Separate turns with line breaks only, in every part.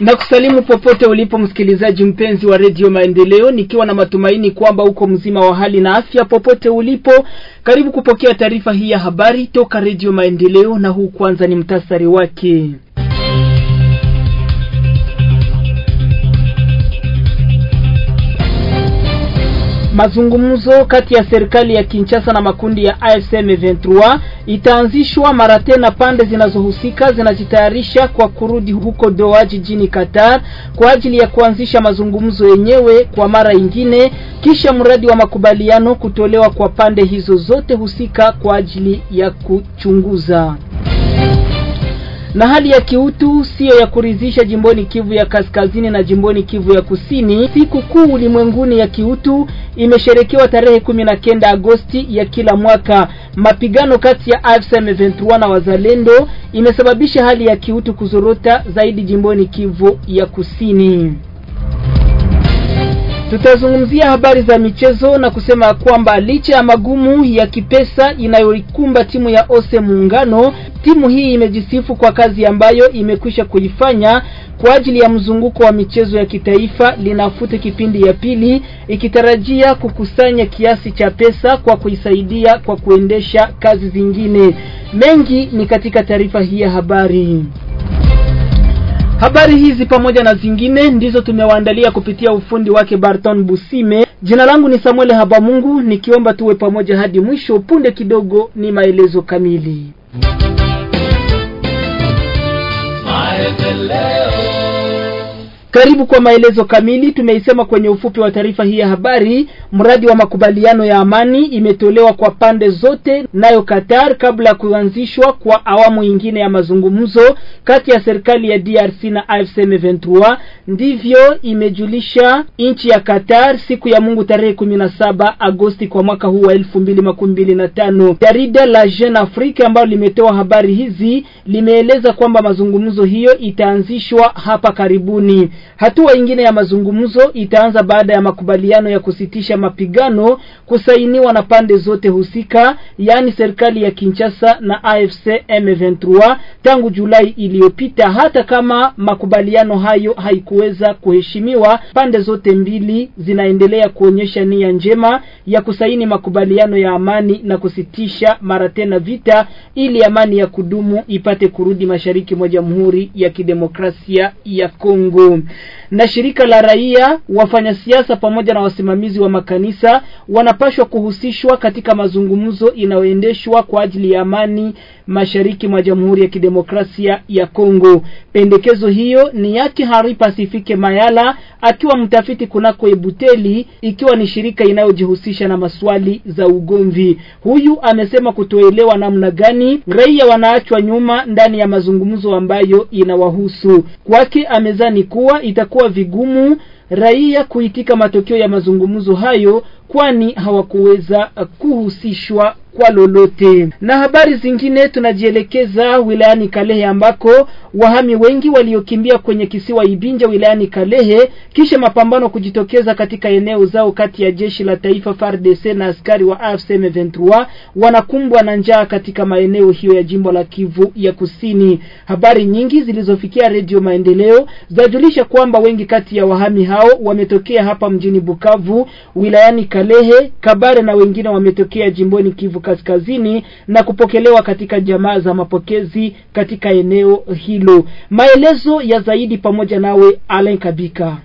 na kusalimu popote ulipo msikilizaji mpenzi wa redio Maendeleo, nikiwa na matumaini kwamba uko mzima wa hali na afya popote ulipo. Karibu kupokea taarifa hii ya habari toka redio Maendeleo, na huu kwanza ni mtasari wake. Mazungumzo kati ya serikali ya Kinshasa na makundi ya AFC M23 itaanzishwa mara tena. Pande zinazohusika zinajitayarisha kwa kurudi huko Doha jijini Qatar kwa ajili ya kuanzisha mazungumzo yenyewe kwa mara ingine, kisha mradi wa makubaliano kutolewa kwa pande hizo zote husika kwa ajili ya kuchunguza na hali ya kiutu siyo ya kuridhisha jimboni Kivu ya Kaskazini na jimboni Kivu ya Kusini. Siku kuu ulimwenguni ya kiutu imesherekewa tarehe 19 na Agosti ya kila mwaka. Mapigano kati ya AFC M23 na wazalendo imesababisha hali ya kiutu kuzorota zaidi jimboni Kivu ya Kusini. Tutazungumzia habari za michezo na kusema kwamba licha ya magumu ya kipesa inayoikumba timu ya Ose Muungano, timu hii imejisifu kwa kazi ambayo imekwisha kuifanya kwa ajili ya mzunguko wa michezo ya kitaifa linafuta kipindi ya pili, ikitarajia kukusanya kiasi cha pesa kwa kuisaidia kwa kuendesha kazi zingine. Mengi ni katika taarifa hii ya habari. Habari hizi pamoja na zingine ndizo tumewaandalia kupitia ufundi wake Barton Busime. Jina langu ni Samuel Habamungu, nikiomba tuwe pamoja hadi mwisho. Punde kidogo ni maelezo kamili.
Maendeleo.
Karibu kwa maelezo kamili tumeisema kwenye ufupi wa taarifa hii ya habari. Mradi wa makubaliano ya amani imetolewa kwa pande zote, nayo Qatar, kabla ya kuanzishwa kwa awamu nyingine ya mazungumzo kati ya serikali ya DRC na AFC M23. Ndivyo imejulisha nchi ya Qatar siku ya Mungu tarehe 17 Agosti kwa mwaka huu wa 2025. Jarida la Jeune Afrique ambalo limetoa habari hizi limeeleza kwamba mazungumzo hiyo itaanzishwa hapa karibuni. Hatua ingine ya mazungumzo itaanza baada ya makubaliano ya kusitisha mapigano kusainiwa na pande zote husika, yaani serikali ya Kinshasa na AFC M23 tangu Julai iliyopita. Hata kama makubaliano hayo haikuweza kuheshimiwa, pande zote mbili zinaendelea kuonyesha nia njema ya kusaini makubaliano ya amani na kusitisha mara tena vita ili amani ya kudumu ipate kurudi mashariki mwa Jamhuri ya Kidemokrasia ya Kongo na shirika la raia, wafanyasiasa pamoja na wasimamizi wa makanisa wanapashwa kuhusishwa katika mazungumzo inayoendeshwa kwa ajili ya amani mashariki mwa Jamhuri ya Kidemokrasia ya Kongo. Pendekezo hiyo ni yake Hari Pasifike Mayala akiwa mtafiti kunako Ebuteli, ikiwa ni shirika inayojihusisha na maswali za ugomvi. Huyu amesema kutoelewa namna gani raia wanaachwa nyuma ndani ya mazungumzo ambayo inawahusu. Kwake amezani kuwa itakuwa vigumu raia kuitika matokeo ya mazungumzo hayo, kwani hawakuweza kuhusishwa kwa lolote. Na habari zingine, tunajielekeza wilayani Kalehe ambako wahami wengi waliokimbia kwenye kisiwa Ibinja wilayani Kalehe kisha mapambano kujitokeza katika eneo zao kati ya jeshi la taifa FARDC na askari wa AFC M23 wanakumbwa na njaa katika maeneo hiyo ya jimbo la Kivu ya Kusini. Habari nyingi zilizofikia Radio Maendeleo zajulisha kwamba wengi kati ya wahami hao wametokea hapa mjini Bukavu, wilayani Kalehe, Kabare na wengine wametokea jimboni Kivu Kivu Kaskazini na kupokelewa katika jamaa za mapokezi katika eneo hilo. Maelezo ya zaidi pamoja nawe Alain Kabika.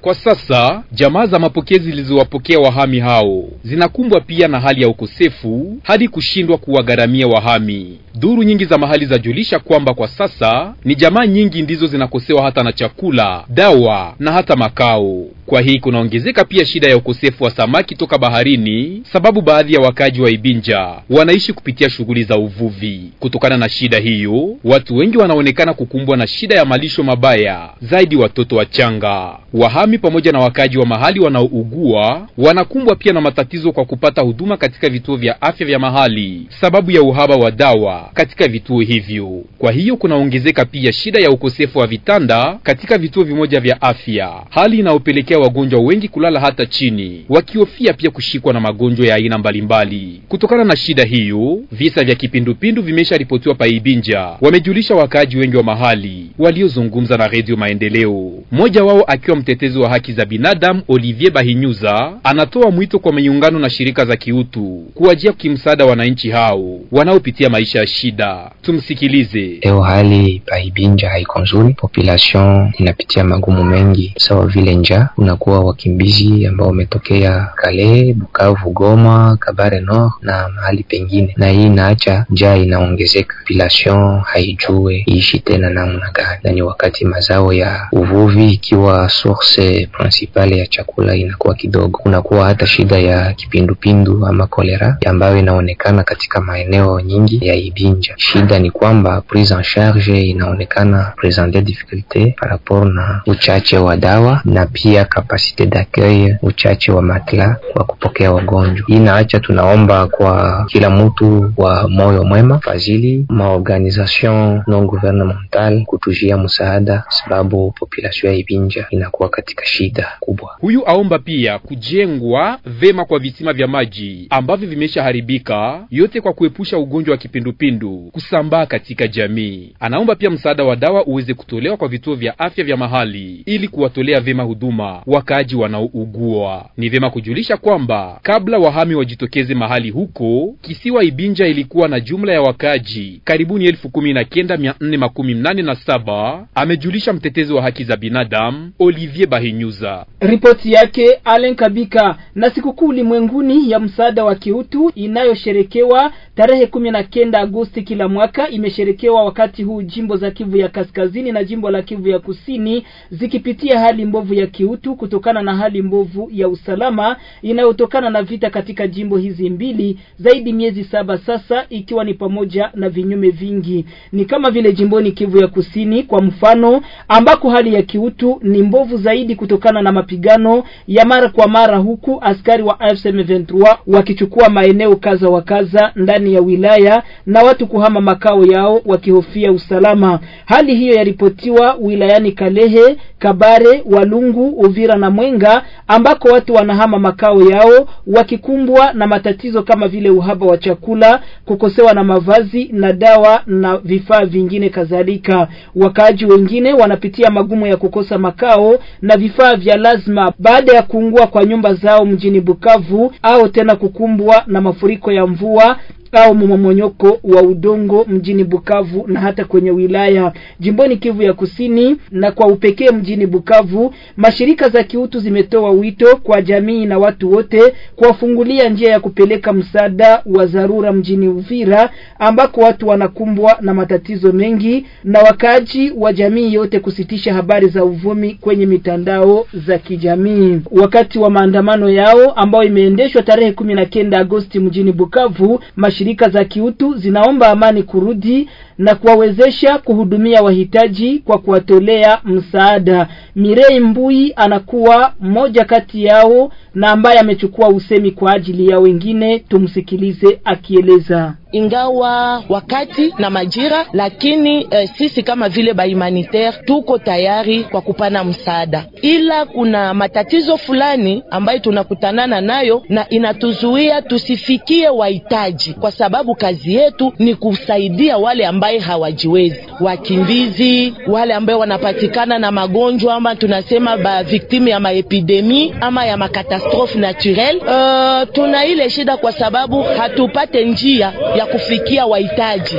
Kwa sasa jamaa za mapokezi zilizowapokea wahami hao zinakumbwa pia na hali ya ukosefu hadi kushindwa kuwagharamia wahami. Duru nyingi za mahali zajulisha kwamba kwa sasa ni jamaa nyingi ndizo zinakosewa hata na chakula, dawa na hata makao. Kwa hii kunaongezeka pia shida ya ukosefu wa samaki toka baharini, sababu baadhi ya wakaji wa Ibinja wanaishi kupitia shughuli za uvuvi. Kutokana na shida hiyo, watu wengi wanaonekana kukumbwa na shida ya malisho mabaya, zaidi watoto wachanga. Wahami pamoja na wakaji wa mahali wanaougua wanakumbwa pia na matatizo kwa kupata huduma katika vituo vya afya vya mahali, sababu ya uhaba wa dawa katika vituo hivyo. Kwa hiyo kunaongezeka pia shida ya ukosefu wa vitanda katika vituo vimoja vya afya, hali inayopelekea wagonjwa wengi kulala hata chini, wakihofia pia kushikwa na magonjwa ya aina mbalimbali. Kutokana na shida hiyo, visa vya kipindupindu vimesharipotiwa pa Ibinja, wamejulisha wakaaji wengi wa mahali waliozungumza na Redio Maendeleo. Mmoja wao akiwa mtetezi wa haki za binadamu Olivier Bahinyuza anatoa mwito kwa miungano na shirika za kiutu kuwajia kimsaada wananchi hao wanaopitia maisha ya shida. Tumsikilize. Leo
hali paibinja haiko nzuri, population inapitia magumu mengi sawa vile njaa. Unakuwa wakimbizi ambao wametokea Kale, Bukavu, Goma, Kabare Nord na mahali pengine, na hii inaacha njaa inaongezeka, population haijue iishi tena namna gani, na ni wakati mazao ya uvuvi ikiwa source principale ya chakula inakuwa kidogo, kunakuwa hata shida ya kipindupindu ama kolera ambayo inaonekana katika maeneo nyingi ya Ibi. Jinja. Shida ni kwamba prise en charge inaonekana presenter difficulte par rapport na uchache wa dawa na pia kapasite d'accueil, uchache wa matla kwa kupokea wagonjwa. Hii naacha, tunaomba kwa kila mtu wa moyo mwema, fazili maorganisation non gouvernemental kutujia msaada, sababu population ya Ibinja inakuwa katika shida
kubwa. Huyu aomba pia kujengwa vema kwa visima vya maji ambavyo vimeshaharibika, yote kwa kuepusha ugonjwa wa kipindupindu upendo kusambaa katika jamii. Anaomba pia msaada wa dawa uweze kutolewa kwa vituo vya afya vya mahali ili kuwatolea vyema huduma wakaaji wanaougua. Ni vyema kujulisha kwamba kabla wahami wajitokeze mahali huko, kisiwa Ibinja ilikuwa na jumla ya wakaaji karibuni elfu kumi na kenda mia nne makumi mnane na saba, amejulisha mtetezi wa haki za binadamu Olivier Bahinyuza.
Ripoti yake Alen Kabika. Na sikukuu ulimwenguni ya msaada wa kiutu inayosherekewa tarehe kumi na kenda Agosti kila mwaka imesherekewa wakati huu jimbo za Kivu ya Kaskazini na jimbo la Kivu ya Kusini zikipitia hali mbovu ya kiutu kutokana na hali mbovu ya usalama inayotokana na vita katika jimbo hizi mbili zaidi miezi saba sasa, ikiwa ni pamoja na vinyume vingi. Ni kama vile jimboni Kivu ya Kusini kwa mfano, ambako hali ya kiutu ni mbovu zaidi kutokana na mapigano ya mara kwa mara, huku askari wa AFC M23 wakichukua maeneo kaza wa kaza ndani ya wilaya na watu kuhama makao yao wakihofia usalama. Hali hiyo yaripotiwa wilayani Kalehe, Kabare, Walungu, Uvira na Mwenga ambako watu wanahama makao yao wakikumbwa na matatizo kama vile uhaba wa chakula, kukosewa na mavazi na dawa na vifaa vingine kadhalika. Wakaaji wengine wanapitia magumu ya kukosa makao na vifaa vya lazima baada ya kuungua kwa nyumba zao mjini Bukavu au tena kukumbwa na mafuriko ya mvua au mmomonyoko wa udongo mjini Bukavu na hata kwenye wilaya jimboni Kivu ya Kusini na kwa upekee mjini Bukavu, mashirika za kiutu zimetoa wito kwa jamii na watu wote kuwafungulia njia ya kupeleka msaada wa dharura mjini Uvira ambako watu wanakumbwa na matatizo mengi, na wakaaji wa jamii yote kusitisha habari za uvumi kwenye mitandao za kijamii wakati wa maandamano yao ambayo imeendeshwa tarehe kumi na kenda Agosti mjini Bukavu shirika za kiutu zinaomba amani kurudi na kuwawezesha kuhudumia wahitaji kwa kuwatolea msaada. Mirei Mbui anakuwa mmoja kati yao na ambaye amechukua usemi kwa ajili ya wengine. Tumsikilize akieleza
ingawa wakati na majira, lakini eh, sisi kama vile humanitaire tuko tayari kwa kupana msaada, ila kuna matatizo fulani ambayo tunakutanana nayo na inatuzuia tusifikie wahitaji, kwa sababu kazi yetu ni kusaidia wale ambayo ambaye hawajiwezi, wakimbizi wale ambayo wanapatikana na magonjwa ama tunasema ba victime ya maepidemi ama ya makatastrofe naturel. Uh, tuna ile shida kwa sababu hatupate njia ya kufikia wahitaji.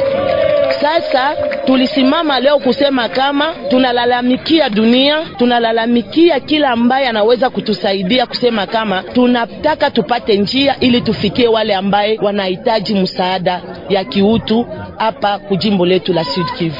Sasa tulisimama leo kusema kama tunalalamikia dunia, tunalalamikia kila ambaye anaweza kutusaidia kusema kama tunataka tupate njia ili tufikie wale ambaye wanahitaji msaada ya kiutu hapa kujimbo jimbo letu la Sud Kivu.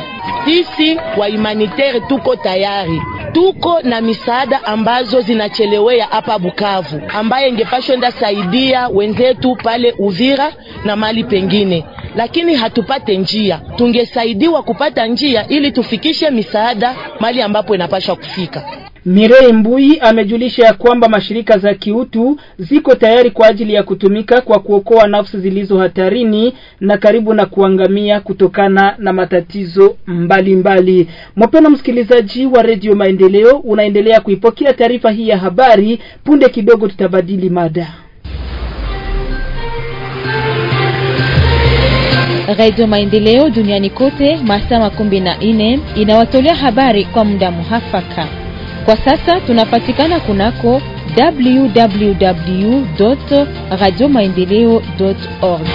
Sisi wa humanitaire tuko tayari tuko na misaada ambazo zinachelewea hapa Bukavu, ambaye ingepashwa enda saidia wenzetu pale Uvira na mali pengine, lakini hatupate njia. Tungesaidiwa kupata njia ili tufikishe misaada mali ambapo inapashwa kufika.
Mirei Mbui amejulisha ya kwamba mashirika za kiutu ziko tayari kwa ajili ya kutumika kwa kuokoa nafsi zilizo hatarini na karibu na kuangamia kutokana na matatizo mbalimbali. Mpendwa msikilizaji wa Radio Maendeleo, unaendelea kuipokea taarifa hii ya habari. Punde kidogo tutabadili mada. Radio Maendeleo duniani kote masaa makumi na nne inawatolea habari kwa muda muhafaka. Kwa sasa tunapatikana kunako www radio maendeleo org.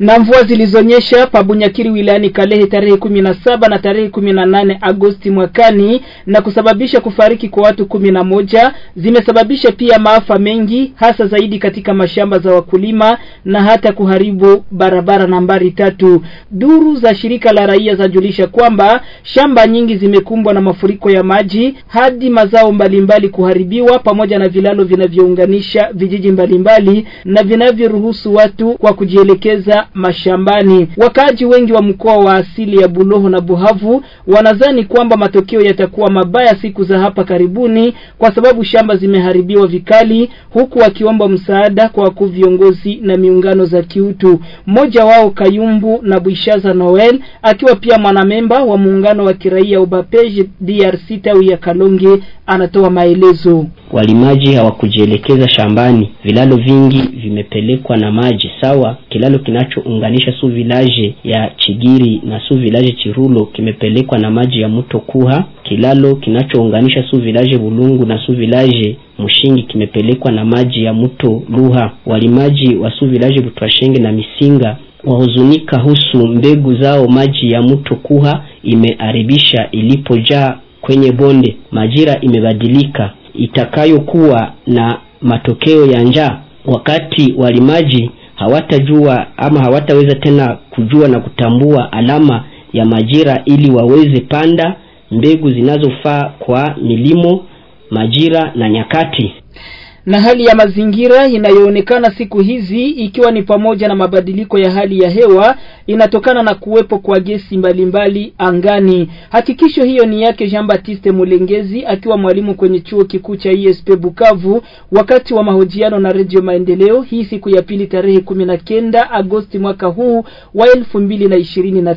Na mvua zilizonyesha pa Bunyakiri wilayani Kalehe tarehe kumi na saba na tarehe kumi na nane Agosti mwakani na kusababisha kufariki kwa watu kumi na moja zimesababisha pia maafa mengi hasa zaidi katika mashamba za wakulima na hata kuharibu barabara nambari tatu. Duru za shirika la raia zajulisha kwamba shamba nyingi zimekumbwa na mafuriko ya maji hadi mazao mbalimbali kuharibiwa pamoja na vilalo vinavyounganisha vijiji mbalimbali na vinavyoruhusu watu kwa kujielekeza mashambani. Wakaaji wengi wa mkoa wa asili ya Buloho na Buhavu wanadhani kwamba matokeo yatakuwa mabaya siku za hapa karibuni, kwa sababu shamba zimeharibiwa vikali, huku wakiomba msaada kwa wakuu viongozi na miungano za kiutu. Mmoja wao Kayumbu na Bwishaza Noel akiwa pia mwanamemba wa muungano wa kiraia Ubapeji DRC tawi ya Kalonge anatoa maelezo. Walimaji hawakujielekeza shambani, vilalo vingi vimepelekwa na maji sawa, kilalo kinacho kinachounganisha su village ya Chigiri na su village Chirulo kimepelekwa na maji ya mto Kuha. Kilalo kinachounganisha su village Bulungu na su village Mushingi kimepelekwa na maji ya mto Luha. Walimaji wa su village Butwashenge na Misinga wahuzunika husu mbegu zao maji ya mto Kuha imeharibisha ilipojaa kwenye bonde. Majira imebadilika itakayokuwa na matokeo ya njaa wakati walimaji hawatajua ama hawataweza tena kujua na kutambua alama ya majira ili waweze panda mbegu zinazofaa kwa milimo majira na nyakati na hali ya mazingira inayoonekana siku hizi ikiwa ni pamoja na mabadiliko ya hali ya hewa inatokana na kuwepo kwa gesi mbalimbali angani. Hakikisho hiyo ni yake Jean Baptiste Mulengezi akiwa mwalimu kwenye chuo kikuu cha ISP Bukavu wakati wa mahojiano na Radio Maendeleo hii siku ya pili tarehe kumi na kenda Agosti mwaka huu wa 2025. na ishirini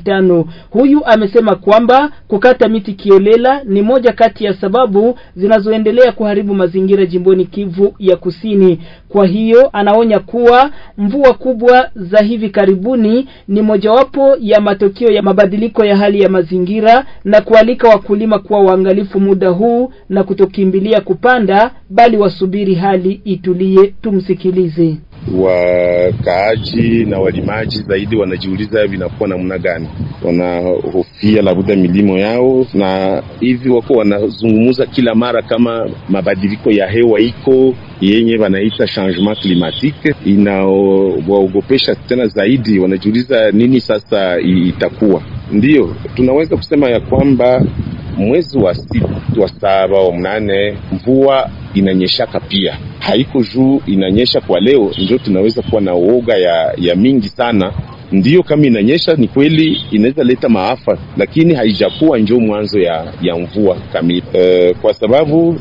Huyu amesema kwamba kukata miti kiolela ni moja kati ya sababu zinazoendelea kuharibu mazingira jimboni Kivu ya kusini. Kwa hiyo anaonya kuwa mvua kubwa za hivi karibuni ni mojawapo ya matokeo ya mabadiliko ya hali ya mazingira na kualika wakulima kuwa waangalifu muda huu na kutokimbilia kupanda bali wasubiri hali itulie. Tumsikilize
wakaaji na walimaji zaidi wanajiuliza vinakuwa namna gani, wanahofia labda milimo yao, na hivi wako wanazungumuza kila mara kama mabadiliko ya hewa iko yenye wanaita changement climatique inawaogopesha tena zaidi, wanajiuliza nini sasa itakuwa. Ndiyo tunaweza kusema ya kwamba mwezi wa sita, wa saba, wa mnane mvua inanyeshaka pia haiko juu inanyesha kwa leo ndio tunaweza kuwa na uoga ya, ya mingi sana. Ndiyo, kama inanyesha ni kweli inaweza leta maafa, lakini haijakuwa njo mwanzo ya, ya mvua kamili e, kwa sababu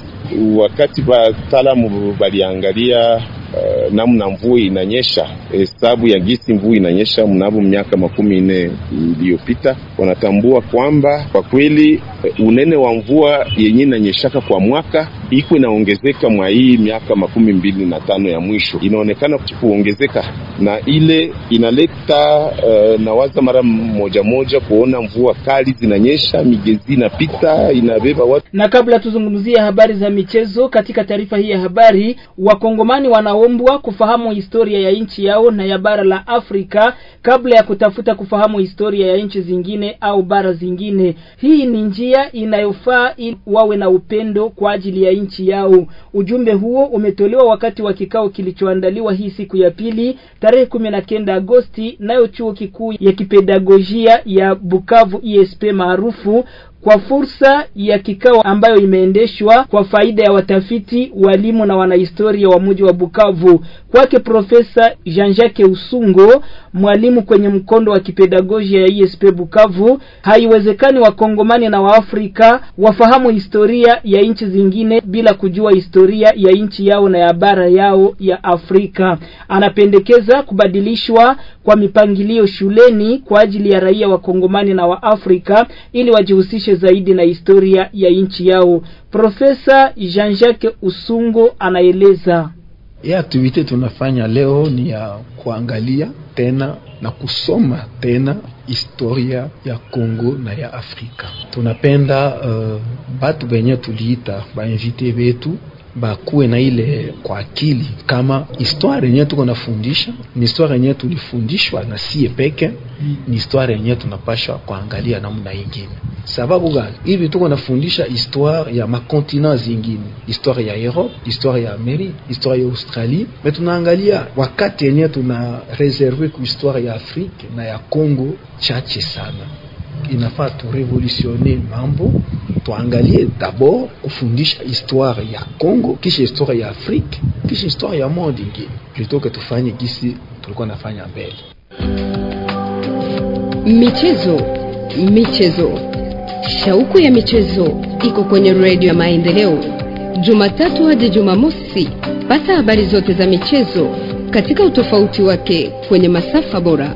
wakati wataalamu waliangalia Eh, namna mvua inanyesha, hesabu ya gisi mvua inanyesha mnavo miaka makumi nne iliyopita, wanatambua kwamba kwa kweli eh, unene wa mvua yenye inanyeshaka kwa mwaka iko inaongezeka mwa hii miaka makumi mbili na tano ya mwisho inaonekana kuongezeka, na ile inaleta uh, nawaza mara moja moja kuona mvua kali zinanyesha, migezi inapita inabeba watu. Na kabla tuzungumzie
habari za michezo katika taarifa hii ya habari, wakongomani wana wanaombwa kufahamu historia ya nchi yao na ya bara la Afrika kabla ya kutafuta kufahamu historia ya nchi zingine au bara zingine. Hii ni njia inayofaa ili wawe na upendo kwa ajili ya nchi yao. Ujumbe huo umetolewa wakati wa kikao kilichoandaliwa hii siku ya pili tarehe 19 Agosti nayo chuo kikuu ya kipedagojia ya Bukavu ISP maarufu kwa fursa ya kikao ambayo imeendeshwa kwa faida ya watafiti, walimu na wanahistoria wa mji wa Bukavu. Kwake Profesa Jean-Jacques Usungo, mwalimu kwenye mkondo wa kipedagojia ya ISP Bukavu, haiwezekani wakongomani na waafrika wafahamu historia ya nchi zingine bila kujua historia ya nchi yao na ya bara yao ya Afrika. Anapendekeza kubadilishwa kwa mipangilio shuleni kwa ajili ya raia wakongomani na waafrika ili wajihusishe wajihusishe zaidi na historia ya nchi yao. Profesa
Jean-Jacques Usungo anaeleza. Ya aktivite tunafanya leo ni ya kuangalia tena na kusoma tena historia ya Kongo na ya Afrika. Tunapenda uh, batu benye tuliita bainvite betu bakuwe na ile kwa akili kama histoire yenyewe tuko nafundisha ni histoire yenyewe tulifundishwa na sie peke, ni histoire yenyewe tunapashwa kuangalia namna ingine. Sababu gani hivi tuko nafundisha histoire ya makontina zingine, histoire ya Europe, histoire ya Amerika, histoire ya Australie, me tunaangalia wakati yenyewe tuna reserve ku histoire ya Afrique na ya Congo chache sana inafaa turevolutione mambo, tuangalie dabord kufundisha histoire ya Congo, kisha histoire ya Afrique, kisha histoire ya monde ingine, plutoke tufanye gisi tulikuwa nafanya mbele.
Michezo, michezo, shauku ya michezo iko kwenye redio ya Maendeleo, Jumatatu hadi Jumamosi. Pata habari zote za michezo katika utofauti wake kwenye masafa bora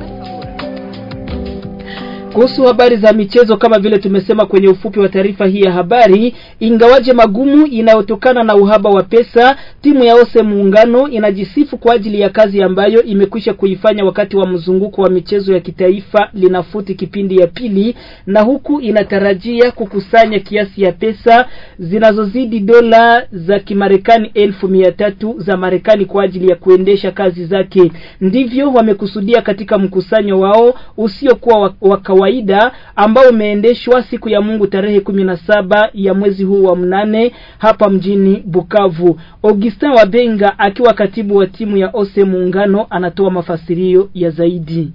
kuhusu habari za michezo, kama vile tumesema kwenye ufupi wa taarifa hii ya habari, ingawaje magumu inayotokana na uhaba wa pesa, timu ya Ose Muungano inajisifu kwa ajili ya kazi ambayo imekwisha kuifanya wakati wa mzunguko wa michezo ya kitaifa linafuti kipindi ya pili, na huku inatarajia kukusanya kiasi ya pesa zinazozidi dola za Kimarekani elfu mia tatu za Marekani kwa ajili ya kuendesha kazi zake. Ndivyo wamekusudia katika mkusanyo wao usiokuwa waka kawaida ambao umeendeshwa siku ya Mungu tarehe kumi na saba ya mwezi huu wa mnane hapa mjini Bukavu. Augustin Wabenga akiwa katibu wa timu ya Ose Muungano anatoa mafasirio ya zaidi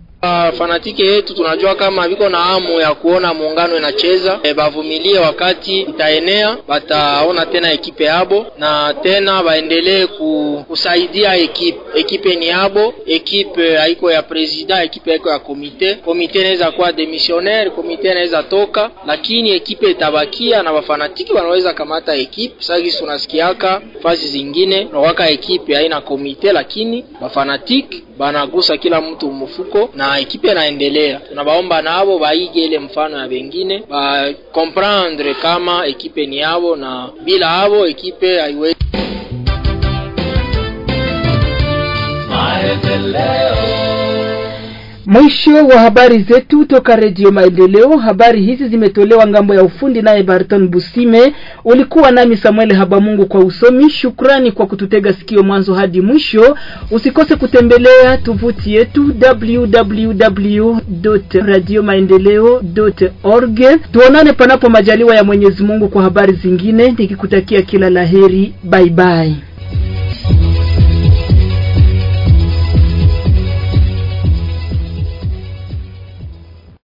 fanatike yetu tunajua kama viko na hamu
ya kuona muungano inacheza e, bavumilie wakati itaenea, bataona tena
ekipe yabo, na tena baendelee ku, kusaidia ekipe. Ekipe ni yabo, ekipe haiko ya presida, ekipe haiko ya komite. Komite inaweza kuwa demisionnaire, komite inaweza toka, lakini ekipe itabakia na bafanatiki wanaweza kamata ekipe.
Sasa tunasikiaka fasi zingine nawaka ekipe haina komite, lakini bafanatiki banagusa kila mtu mfuko na ekipe naendelea, tunabaomba nabo baige ile mfano ya bengine ba comprendre kama ekipe ni yabo, na bila
abo ekipe haiwezi
Mwisho wa habari zetu toka Redio Maendeleo. Habari hizi zimetolewa ngambo ya ufundi naye Barton Busime. Ulikuwa nami Samuel Habamungu kwa usomi. Shukrani kwa kututega sikio mwanzo hadi mwisho. Usikose kutembelea tovuti yetu www.radiomaendeleo.org. Tuonane panapo majaliwa ya Mwenyezi Mungu kwa habari zingine, nikikutakia kila laheri. Bye bye.